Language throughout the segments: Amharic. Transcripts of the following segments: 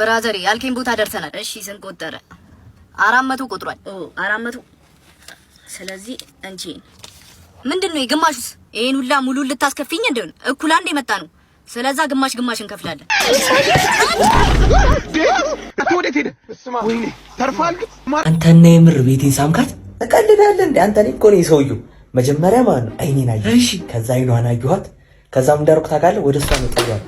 ብራዘሬ ያልከኝ ቦታ ደርሰናል። እሺ ስንት ቆጠረ? አራት መቶ ቆጥሯል። ኦ አራት መቶ ስለዚህ እንጂ ምንድን ነው የግማሹስ? ይሄን ሁላ ሙሉ ልታስከፊኝ እንደሆነ እኩል አንድ የመጣ ነው። ስለዛ ግማሽ ግማሽ እንከፍላለን። የምር ቤቴን ሳምካት እንዴ? አንተ እኮ ነው መጀመሪያ ማለት ነው አይኔን አየሁ። እሺ ከዛ አይኗን አየኋት። ከዛም እንዳርኩ ታውቃለህ፣ ወደ እሷ ነው ጠጋሁ።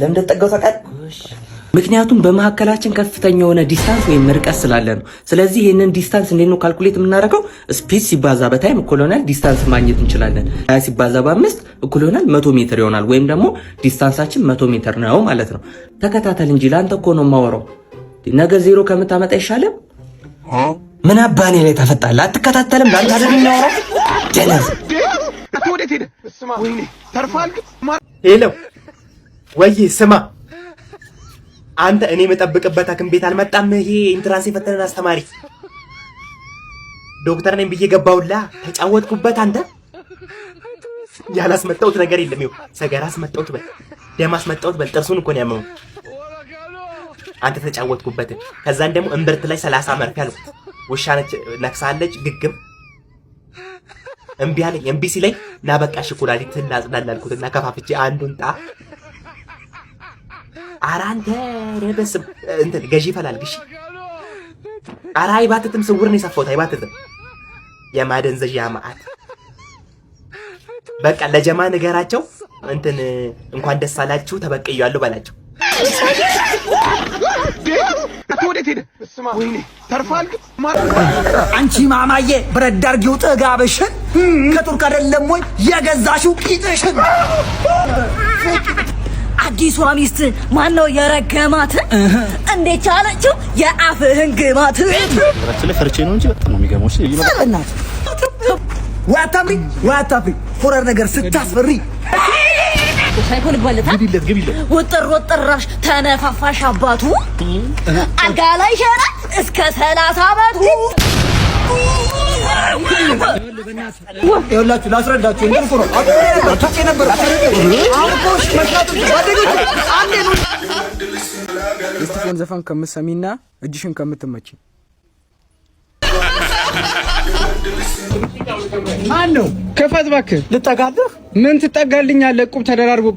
ለምን እንደጠጋሁ ታውቃለህ? ምክንያቱም በመካከላችን ከፍተኛ የሆነ ዲስታንስ ወይም ርቀት ስላለ ነው። ስለዚህ ይህንን ዲስታንስ እንዴት ነው ካልኩሌት የምናደርገው? ስፔስ ሲባዛ በታይም እኩል ዲስታንስ ማግኘት እንችላለን። ሀያ ሲባዛ በአምስት እኩል መቶ ሜትር ይሆናል። ወይም ደግሞ ዲስታንሳችን መቶ ሜትር ነው ማለት ነው። ተከታተል እንጂ ለአንተ እኮ ነው የማወራው። ነገ ዜሮ ከምታመጣ ይሻለም። ምን አባኔ ላይ ተፈጣለ? አትከታተልም? ለአንተ አይደል የምናወራው? ደነዝ ወይኔ ተርፋል። ሄሎ ወይ ስማ አንተ እኔ የምጠብቅበት ሐኪም ቤት አልመጣም። ይሄ ኢንትራንስ የፈተነን አስተማሪ ዶክተር ነኝ ብዬ ገባውላ ተጫወትኩበት። አንተ ያላስመጣሁት ነገር የለም። ይኸው ሰገራ አስመጣሁት በል፣ ደም አስመጣሁት በል። ጥርሱን እኮ ነው ያመመው። አንተ ተጫወትኩበት። ከዛን ደግሞ እምብርት ላይ ሰላሳ መርፌ አልኩት። ውሻ ነች ነክሳለች፣ ግግም እምቢ አለኝ። እምቢ ሲለኝ ና በቃ ሽኩላሊት ላጽዳል አልኩትና ከፋፍቼ አንዱን ጣ ኧረ አንተ በስመ እንትን ገዢ ይፈላልግ። እሺ ኧረ አይባትትም፣ ስውር ነው የሰፋሁት፣ አይባትትም። የማደንዘዣ በቃ ለጀማ ንገራቸው እንትን እንኳን ደስ አላችሁ ተበቅያለሁ በላቸው። አንቺ ማማዬ ብረት ዳርጊው ጥጋብሽን ከቱርክ አይደለም ወይ የገዛሽው ቂጥሽን አዲሷ ሚስት ማን ነው የረገማት? እንዴት ቻለችው? የአፍህን ግማት ስለ ፈርቼ ነው እንጂ በጣም ነው የሚገርመው። ዋታፍሪ ዋታፍሪ ሆረር ነገር ስታስፈሪ ሳይኮን ግባለታ ወጠር ወጠራሽ ተነፋፋሽ አባቱ አልጋ ላይ ሸራ እስከ ሰላሳ አመቱ ይኸውላችሁ ላስረዳችሁ። እንድልኩ ነው አጥቼ ነበር። የስቲፎን ዘፈን ከምትሰሚና እጅሽን ማን ነው? ክፈት እባክህ። ልጠጋልህ። ምን ትጠጋልኛለህ? ተደራርቦ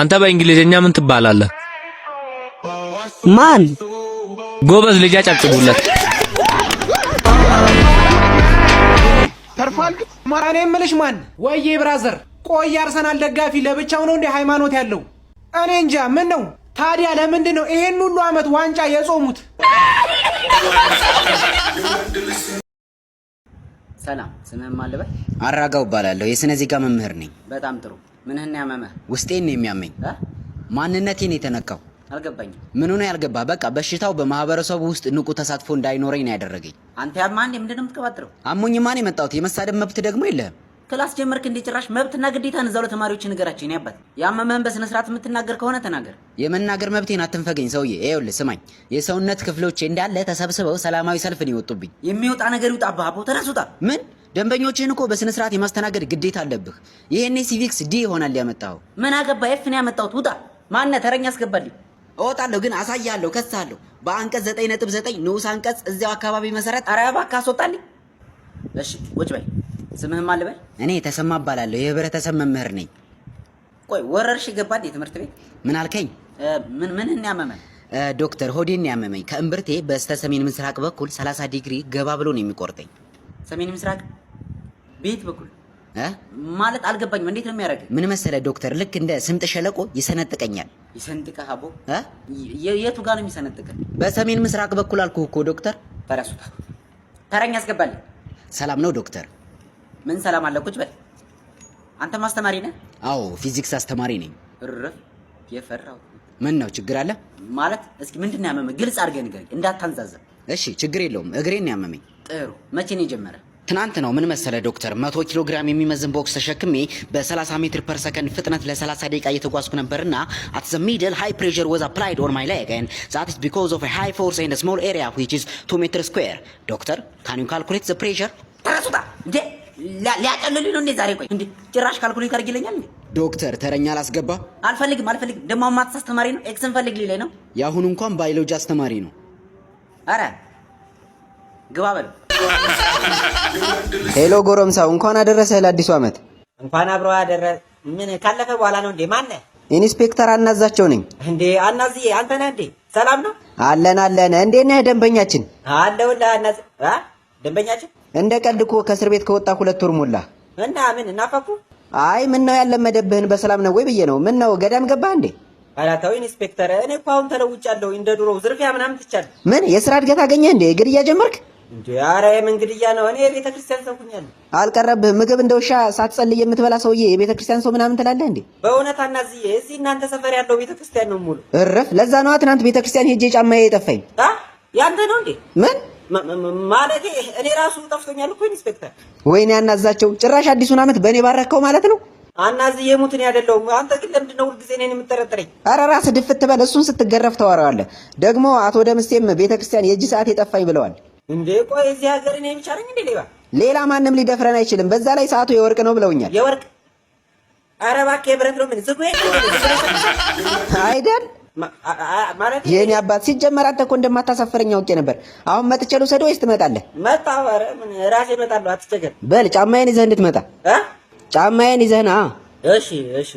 አንተ በእንግሊዝኛ ምን ትባላለህ? ማን ጎበዝ ልጅ አጨብጭቡለት። ተርፏል። ማን የምልሽ ማን? ወይዬ ብራዘር፣ ቆይ አርሰናል ደጋፊ ለብቻው ነው እንደ ሃይማኖት ያለው? እኔ እንጃ። ምን ነው ታዲያ ለምንድን ነው ይሄን ሁሉ አመት ዋንጫ የጾሙት? ሰላም፣ ስምህን ማን ልበል? አራጋው እባላለሁ። የሥነ ዜጋ መምህር ነኝ። በጣም ጥሩ። ምንህን ያመመህ? ውስጤን ነው የሚያመኝ። ማንነቴን የተነካው አልገባኝም። ምን ሆነ ያልገባ? በቃ በሽታው በማህበረሰቡ ውስጥ ንቁ ተሳትፎ እንዳይኖረኝ ነው ያደረገኝ። አንተ ያማን ምንድን ነው የምትቀባጥረው? አሞኝ ማን የመጣሁት የመሳደብ መብት ደግሞ የለህም። ክላስ ጀመርክ እንዴ? ጭራሽ መብትና ግዴታን እዛው ለተማሪዎች ንገራቸው። እኔ አባት ያመመህን በስነ ስርዓት የምትናገር ከሆነ ተናገር። የመናገር መብቴን አትንፈገኝ ሰውዬ። ይኸውልህ ስማኝ፣ የሰውነት ክፍሎች እንዳለ ተሰብስበው ሰላማዊ ሰልፍን ይወጡብኝ። የሚወጣ ነገር ይውጣ። አባቦ ተነሱጣ ምን ደንበኞችህን እኮ በስነ ስርዓት የማስተናገድ ግዴታ አለብህ። ይሄኔ ሲቪክስ ዲ ይሆናል ያመጣኸው። ምን አገባ? ኤፍ ነው ያመጣሁት። ውጣ። ማነህ? ተረኛ አስገባልኝ። እወጣለሁ ግን አሳያለሁ፣ ከሳለሁ በአንቀጽ 9.9 ንዑስ አንቀጽ እዚያው አካባቢ መሰረት። አራባ እባክህ እሺ ቁጭ በይ። ስምህም አለ በይ። እኔ ተሰማ እባላለሁ የህብረተሰብ መምህር ነኝ። ቆይ ወረርሽ ይገባል ትምህርት ቤት? ምን አልከኝ? ምን ምን ያመመን? ዶክተር ሆዴን ያመመኝ ከእምብርቴ በስተ ሰሜን ምስራቅ በኩል 30 ዲግሪ ገባ ብሎ ነው የሚቆርጠኝ። ሰሜን ምስራቅ ቤት በኩል ማለት አልገባኝም። እንዴት ነው የሚያደርገኝ? ምን መሰለ ዶክተር፣ ልክ እንደ ስምጥ ሸለቆ ይሰነጥቀኛል ይሰንጥቀህ አቦ የቱ ጋር ነው የሚሰነጥቀህ? በሰሜን ምስራቅ በኩል አልኩህ እኮ ዶክተር። ተረኛ ያስገባልኝ። ሰላም ነው ዶክተር። ምን ሰላም አለ? ቁጭ በል። አንተም አስተማሪ ነህ? አዎ ፊዚክስ አስተማሪ ነኝ። እርፍ የፈራው። ምን ነው ችግር አለ ማለት? እስኪ ምንድን ነው ያመመህ? ግልጽ አድርገህ ንገረኝ እንዳታንዛዘብ። እሺ ችግር የለውም። እግሬን ያመመኝ። ጥሩ መቼ ነው የጀመረ? ትናንት ነው ምን መሰለ ዶክተር፣ መቶ ኪሎ ግራም የሚመዝን ቦክስ ተሸክሜ በ30 ሜትር ፐር ሰከንድ ፍጥነት ለ30 ደቂቃ እየተጓዝኩ ነበርና አት ዘ ሚድል ሃይ ፕሬሸር ወዝ አፕላይድ ኦን ማይ ሌግ ኤን ዛት ኢዝ ቢኮዝ ኦፍ ሃይ ፎርስ ኤንድ ስሞል ኤሪያ ዊች ኢዝ 2 ሜትር ስኩዌር። ዶክተር ካን ዩ ካልኩሌት ዘ ፕሬሸር? ተረሱታ እንዴ ሊያቀልሉ ነው እንዴ ዛሬ? ቆይ እንዴ ጭራሽ ካልኩሌት አድርግ እንዴ ዶክተር ተረኛ አላስገባ። አልፈልግም አልፈልግም። ደግሞ ማትስ አስተማሪ ነው ኤክስን ፈልግ ሊለኝ ነው። የአሁኑ እንኳን ባዮሎጂ አስተማሪ ነው። አረ ግባ በለው ሄሎ ጎረምሳው፣ እንኳን አደረሰህ ለአዲሱ ዓመት። እንኳን አብሮ አደረ። ምን ካለፈ በኋላ ነው እንዴ? ማነህ? ኢንስፔክተር አናዛቸው ነኝ። እንዴ አናዝዬ፣ አንተ ነህ እንዴ? ሰላም ነው? አለን አለን። እንዴት ነህ ደንበኛችን? አለሁልህ አናዝ። ደንበኛችን እንደ ቀልድ እኮ ከእስር ቤት ከወጣ ሁለት ወር ሞላ እና ምን እናፈኩ? አይ ምን ነው ያለመደብህን በሰላም ነው ወይ ብዬ ነው። ምን ነው ገዳም ገባህ እንዴ? አላታው ኢንስፔክተር፣ እኔ እኮ አሁን ተለውጫለሁ። እንደ ድሮው ዝርፊያ ምናምን ትቻለህ። ምን የስራ እድገት አገኘህ እንዴ? ግድያ ጀመርክ? ኧረ የምን ግድያ ነው? እኔ የቤተ ክርስቲያን ሰው ሁኛለሁ። አልቀረብህም። ምግብ እንደ ውሻ ሳትጸልይ የምትበላ ሰውዬ የቤተ ክርስቲያን ሰው ምናምን ትላለህ እንዴ? በእውነት አናዝዬ፣ እዚህ እናንተ ሰፈር ያለው ቤተ ክርስቲያን ነው ሙሉ። እረፍ። ለዛ ነዋ ትናንት ቤተ ክርስቲያን ሄጄ ጫማዬ የጠፋኝ። ያንተ ነው እንዴ? ምን ማለት እኔ ራሱ ጠፍቶኛል እኮ ኢንስፔክተር። ወይኔ አናዛቸው፣ ጭራሽ አዲሱን ዓመት በእኔ ባረከው ማለት ነው። አናዝዬ ሙት እኔ አይደለሁም። አንተ ግን ለምንድን ነው ሁልጊዜ እኔን የምጠረጥረኝ? ኧረ ራስህ ድፍት በል። እሱን ስትገረፍ ተዋረዋለህ። ደግሞ አቶ ደምስቴም ቤተ ክርስቲያን የእጅ ሰዓት የጠፋኝ ብለዋል። እንዴ ቆይ እዚህ ሀገር እኔ ብቻ እንዴ ሌባ? ሌላ ማንም ሊደፍረን አይችልም። በዛ ላይ ሰዓቱ የወርቅ ነው ብለውኛል። የወርቅ ኧረ እባክህ የብረት ነው። ምን ዝጉ አይደል ማለት የኔ አባት። ሲጀመር አንተ እኮ እንደማታሳፍረኝ አውቄ ነበር። አሁን መጥቼ ልውሰድህ ወይስ ትመጣለህ? መጣሁ። ኧረ ምን እራሴ እመጣለሁ፣ አትቸገር። በል ጫማዬን ይዘህ እንድትመጣ ጫማዬን ይዘህና። እሺ እሺ